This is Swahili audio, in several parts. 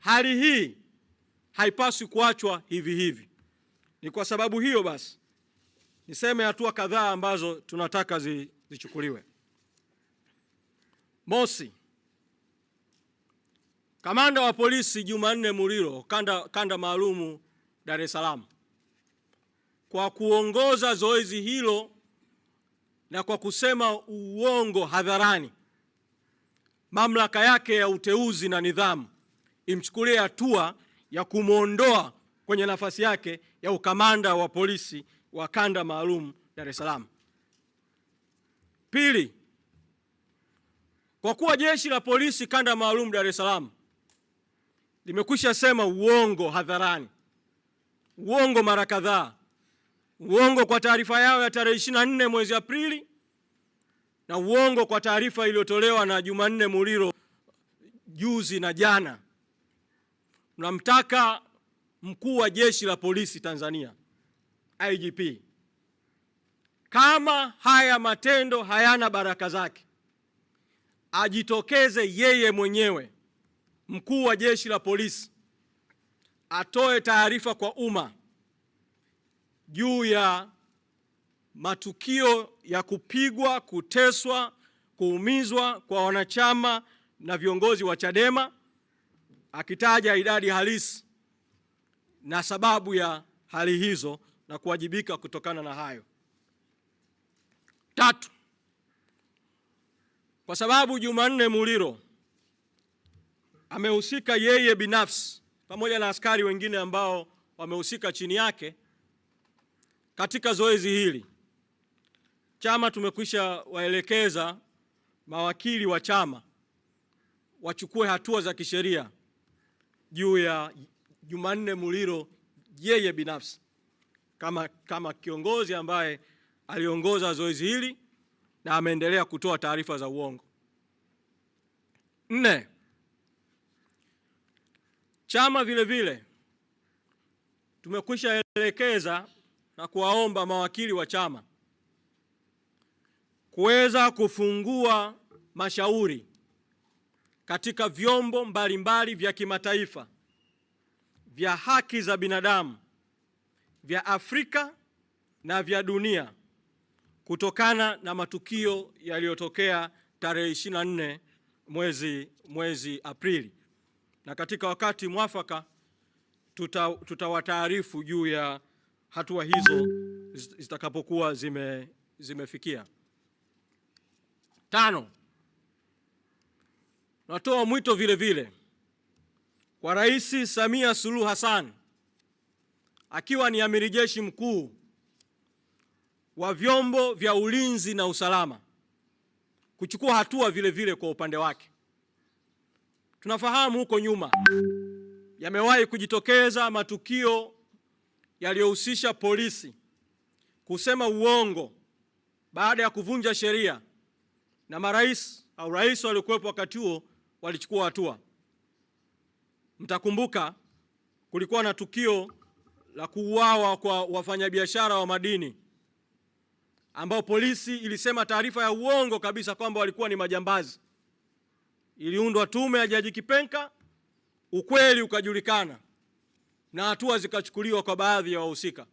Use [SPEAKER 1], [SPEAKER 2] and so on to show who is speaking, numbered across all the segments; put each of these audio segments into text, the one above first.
[SPEAKER 1] Hali hii haipaswi kuachwa hivi hivi. Ni kwa sababu hiyo basi niseme hatua kadhaa ambazo tunataka zichukuliwe. Mosi, kamanda wa polisi Jumanne Muliro kanda, kanda maalumu Dar es Salaam, kwa kuongoza zoezi hilo na kwa kusema uongo hadharani, mamlaka yake ya uteuzi na nidhamu imchukulie hatua ya kumwondoa kwenye nafasi yake ya ukamanda wa polisi wa kanda maalum Dar es Salaam. Pili, kwa kuwa jeshi la polisi kanda maalum Dar es Salaam limekwisha sema uongo hadharani, uongo mara kadhaa, uongo kwa taarifa yao ya tarehe 24 mwezi Aprili na uongo kwa taarifa iliyotolewa na Jumanne Muliro juzi na jana mnamtaka mkuu wa jeshi la polisi Tanzania IGP, kama haya matendo hayana baraka zake, ajitokeze yeye mwenyewe mkuu wa jeshi la polisi atoe taarifa kwa umma juu ya matukio ya kupigwa, kuteswa, kuumizwa kwa wanachama na viongozi wa Chadema akitaja idadi halisi na sababu ya hali hizo na kuwajibika kutokana na hayo. Tatu, kwa sababu Jumanne Muliro amehusika yeye binafsi pamoja na askari wengine ambao wamehusika chini yake katika zoezi hili, chama tumekwisha waelekeza mawakili wa chama wachukue hatua za kisheria juu ya Jumanne Muliro yeye binafsi kama, kama kiongozi ambaye aliongoza zoezi hili na ameendelea kutoa taarifa za uongo. Nne, chama vile vile tumekwisha elekeza na kuwaomba mawakili wa chama kuweza kufungua mashauri katika vyombo mbalimbali mbali vya kimataifa vya haki za binadamu vya Afrika na vya dunia kutokana na matukio yaliyotokea tarehe 24 mwezi, mwezi Aprili, na katika wakati mwafaka tuta, tutawataarifu juu ya hatua hizo zitakapokuwa zime, zimefikia. Tano, Natoa mwito vile vile kwa Rais Samia Suluhu Hassan akiwa ni amiri jeshi mkuu wa vyombo vya ulinzi na usalama kuchukua hatua vile vile kwa upande wake. Tunafahamu huko nyuma yamewahi kujitokeza matukio yaliyohusisha polisi kusema uongo baada ya kuvunja sheria na marais au rais waliokuwepo wakati huo walichukua hatua. Mtakumbuka kulikuwa na tukio la kuuawa kwa wafanyabiashara wa madini ambao polisi ilisema taarifa ya uongo kabisa kwamba walikuwa ni majambazi. Iliundwa tume ya Jaji Kipenka, ukweli ukajulikana na hatua zikachukuliwa kwa baadhi ya wahusika.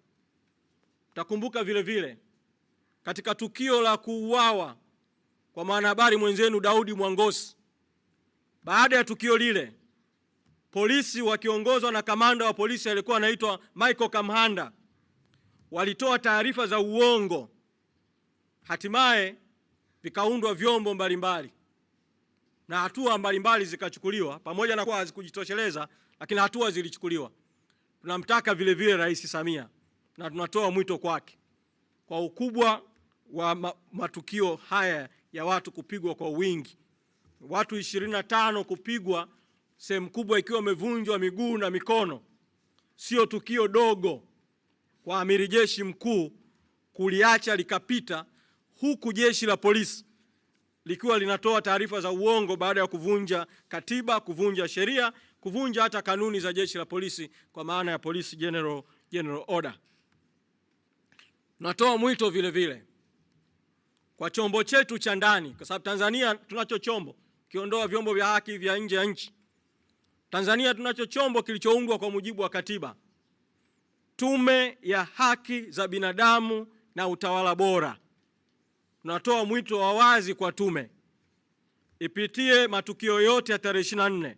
[SPEAKER 1] Mtakumbuka vile vile katika tukio la kuuawa kwa mwanahabari mwenzenu Daudi Mwangosi baada ya tukio lile, polisi wakiongozwa na kamanda wa polisi alikuwa anaitwa Michael Kamhanda walitoa taarifa za uongo, hatimaye vikaundwa vyombo mbalimbali na hatua mbalimbali zikachukuliwa, pamoja na kuwa hazikujitosheleza, lakini hatua zilichukuliwa. Tunamtaka vile vile Rais Samia na tunatoa mwito kwake kwa ukubwa wa matukio haya ya watu kupigwa kwa wingi watu ishirini tano kupigwa, sehemu kubwa ikiwa wamevunjwa miguu na mikono. Sio tukio dogo kwa amiri jeshi mkuu kuliacha likapita, huku jeshi la polisi likiwa linatoa taarifa za uongo baada ya kuvunja katiba, kuvunja sheria, kuvunja hata kanuni za jeshi la polisi kwa maana ya polisi general, general order. Natoa mwito vile vile kwa chombo chetu cha ndani, kwa sababu Tanzania tunacho chombo ukiondoa vyombo vya haki vya nje ya nchi. Tanzania tunacho chombo kilichoundwa kwa mujibu wa katiba, Tume ya Haki za Binadamu na Utawala Bora. Tunatoa mwito wa wazi kwa tume ipitie matukio yote ya tarehe 24,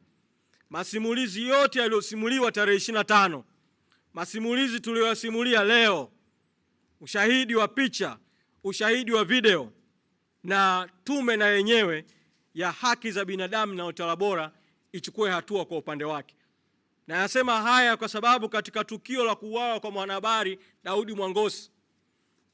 [SPEAKER 1] masimulizi yote yaliyosimuliwa tarehe 25, masimulizi tuliyoyasimulia leo, ushahidi wa picha, ushahidi wa video, na tume na yenyewe ya haki za binadamu na utawala bora ichukue hatua kwa upande wake. Na nasema haya kwa sababu katika tukio la kuuawa kwa mwanahabari Daudi Mwangosi,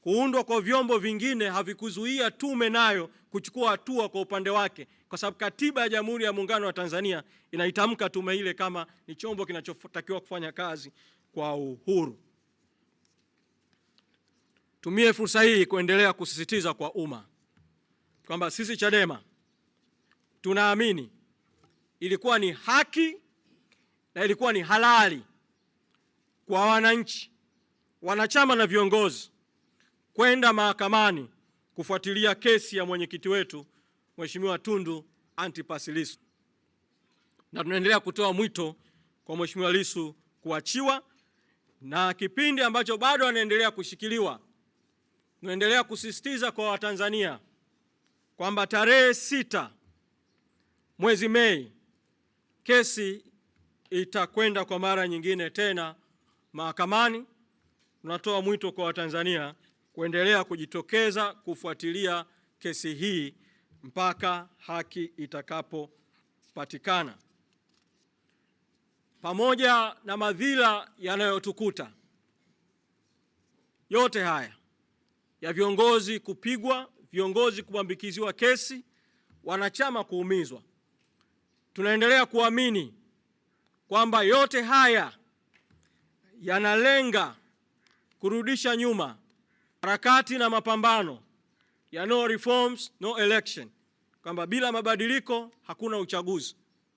[SPEAKER 1] kuundwa kwa vyombo vingine havikuzuia tume nayo kuchukua hatua kwa upande wake, kwa sababu katiba ya Jamhuri ya Muungano wa Tanzania inaitamka tume ile kama ni chombo kinachotakiwa kufanya kazi kwa uhuru. Tumie fursa hii kuendelea kusisitiza kwa umma kwamba sisi Chadema tunaamini ilikuwa ni haki na ilikuwa ni halali kwa wananchi, wanachama na viongozi kwenda mahakamani kufuatilia kesi ya mwenyekiti wetu Mheshimiwa Tundu Antipas Lissu, na tunaendelea kutoa mwito kwa Mheshimiwa Lissu kuachiwa, na kipindi ambacho bado anaendelea kushikiliwa, tunaendelea kusisitiza kwa Watanzania kwamba tarehe sita Mwezi Mei kesi itakwenda kwa mara nyingine tena mahakamani. Tunatoa mwito kwa Watanzania kuendelea kujitokeza kufuatilia kesi hii mpaka haki itakapopatikana. Pamoja na madhila yanayotukuta yote haya ya viongozi kupigwa, viongozi kubambikiziwa kesi, wanachama kuumizwa Tunaendelea kuamini kwamba yote haya yanalenga kurudisha nyuma harakati na mapambano ya no reforms no election, kwamba bila mabadiliko hakuna uchaguzi.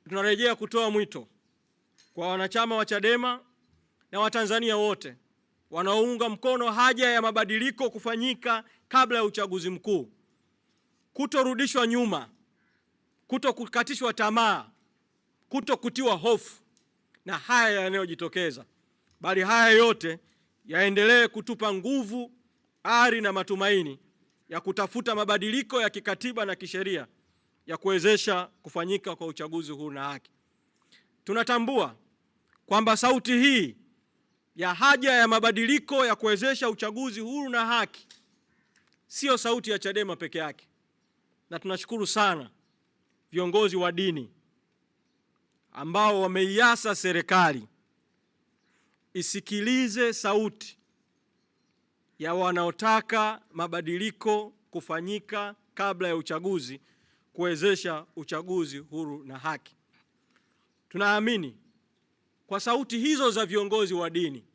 [SPEAKER 1] Tunarejea kutoa mwito kwa wanachama wa Chadema na Watanzania wote wanaounga mkono haja ya mabadiliko kufanyika kabla ya uchaguzi mkuu kutorudishwa nyuma kuto kukatishwa tamaa, kuto kutiwa hofu na haya yanayojitokeza, bali haya yote yaendelee kutupa nguvu, ari na matumaini ya kutafuta mabadiliko ya kikatiba na kisheria ya kuwezesha kufanyika kwa uchaguzi huru na haki. Tunatambua kwamba sauti hii ya haja ya mabadiliko ya kuwezesha uchaguzi huru na haki siyo sauti ya Chadema peke yake, na tunashukuru sana viongozi wa dini ambao wameiasa serikali isikilize sauti ya wanaotaka mabadiliko kufanyika kabla ya uchaguzi kuwezesha uchaguzi huru na haki. Tunaamini kwa sauti hizo za viongozi wa dini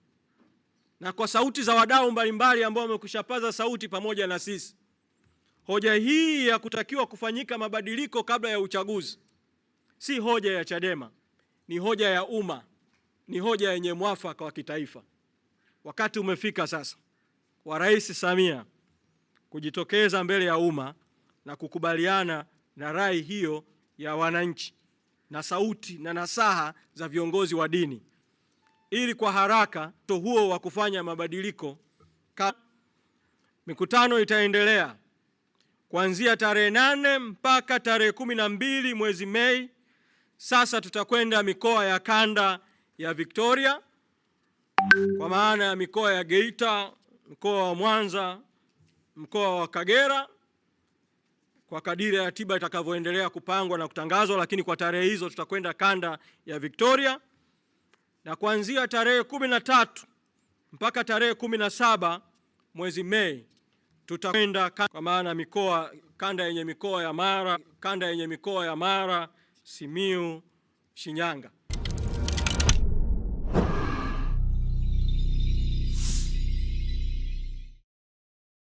[SPEAKER 1] na kwa sauti za wadau mbalimbali ambao wamekushapaza sauti pamoja na sisi Hoja hii ya kutakiwa kufanyika mabadiliko kabla ya uchaguzi si hoja ya Chadema, ni hoja ya umma, ni hoja yenye mwafaka wa kitaifa. Wakati umefika sasa wa Rais Samia kujitokeza mbele ya umma na kukubaliana na rai hiyo ya wananchi na sauti na nasaha za viongozi wa dini ili kwa haraka to huo wa kufanya mabadiliko. Mikutano itaendelea kuanzia tarehe nane mpaka tarehe kumi na mbili mwezi Mei. Sasa tutakwenda mikoa ya kanda ya Victoria, kwa maana ya mikoa ya Geita, mkoa wa Mwanza, mkoa wa Kagera, kwa kadiri ya tiba itakavyoendelea kupangwa na kutangazwa, lakini kwa tarehe hizo tutakwenda kanda ya Victoria, na kuanzia tarehe kumi na tatu mpaka tarehe kumi na saba mwezi Mei tutakwenda kwa maana mikoa kanda yenye mikoa ya Mara, kanda yenye mikoa ya Mara, Simiu, Shinyanga.